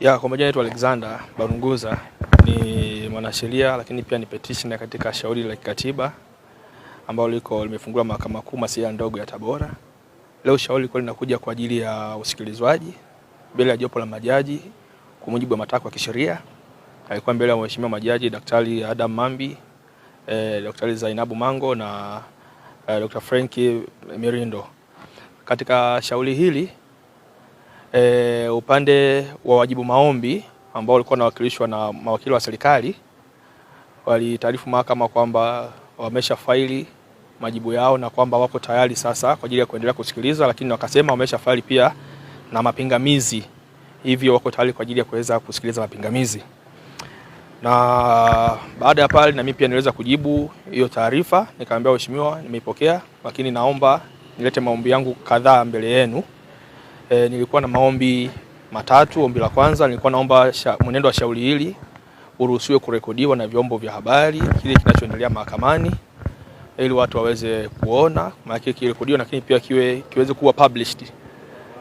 Ya, kwa majina yetu Alexander Barunguza ni mwanasheria lakini pia ni petitioner katika shauri la kikatiba ambalo liko limefungua Mahakama Kuu masia ndogo ya Tabora. Leo shauri liko linakuja kwa ajili ya usikilizwaji mbele ya jopo la majaji kwa mujibu wa matakwa ya kisheria. Alikuwa mbele ya mheshimiwa majaji Daktari Adam Mambi, eh, Daktari Zainabu Mango na eh, Dr. Frank Mirindo. Katika shauri hili E, upande wa wajibu maombi ambao walikuwa wanawakilishwa na mawakili wa serikali walitaarifu mahakama kwamba wamesha faili majibu yao na kwamba wako tayari sasa kwa ajili ya kuendelea kusikiliza, lakini wakasema wamesha faili pia na mapingamizi, hivyo wako tayari kwa ajili ya kuweza kusikiliza mapingamizi. Na baada ya pale, na mimi pia niliweza kujibu hiyo taarifa, nikaambia waheshimiwa, nimeipokea lakini naomba nilete maombi yangu kadhaa mbele yenu e, nilikuwa na maombi matatu. Ombi la kwanza nilikuwa naomba mwenendo wa shauri hili uruhusiwe kurekodiwa na vyombo vya habari, kile kinachoendelea mahakamani ili watu waweze kuona, maana kirekodiwa, lakini pia kiwe kiweze kuwa published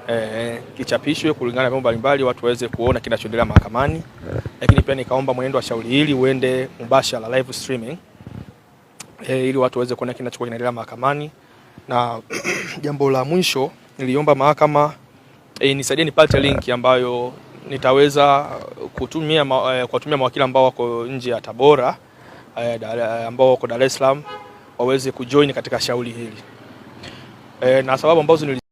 e, kichapishwe kulingana na vyombo mbalimbali, watu waweze kuona kinachoendelea mahakamani. Lakini pia nikaomba mwenendo wa shauri hili uende mubashara live streaming e, ili watu waweze kuona kinachoendelea mahakamani. Na jambo la mwisho niliomba mahakama e, nisaidie nipate linki ambayo nitaweza kutumia e, kuwatumia mawakili ambao wako nje ya Tabora e, ambao wako Dar es Salaam waweze kujoin katika shauri hili e, na sababu ambazo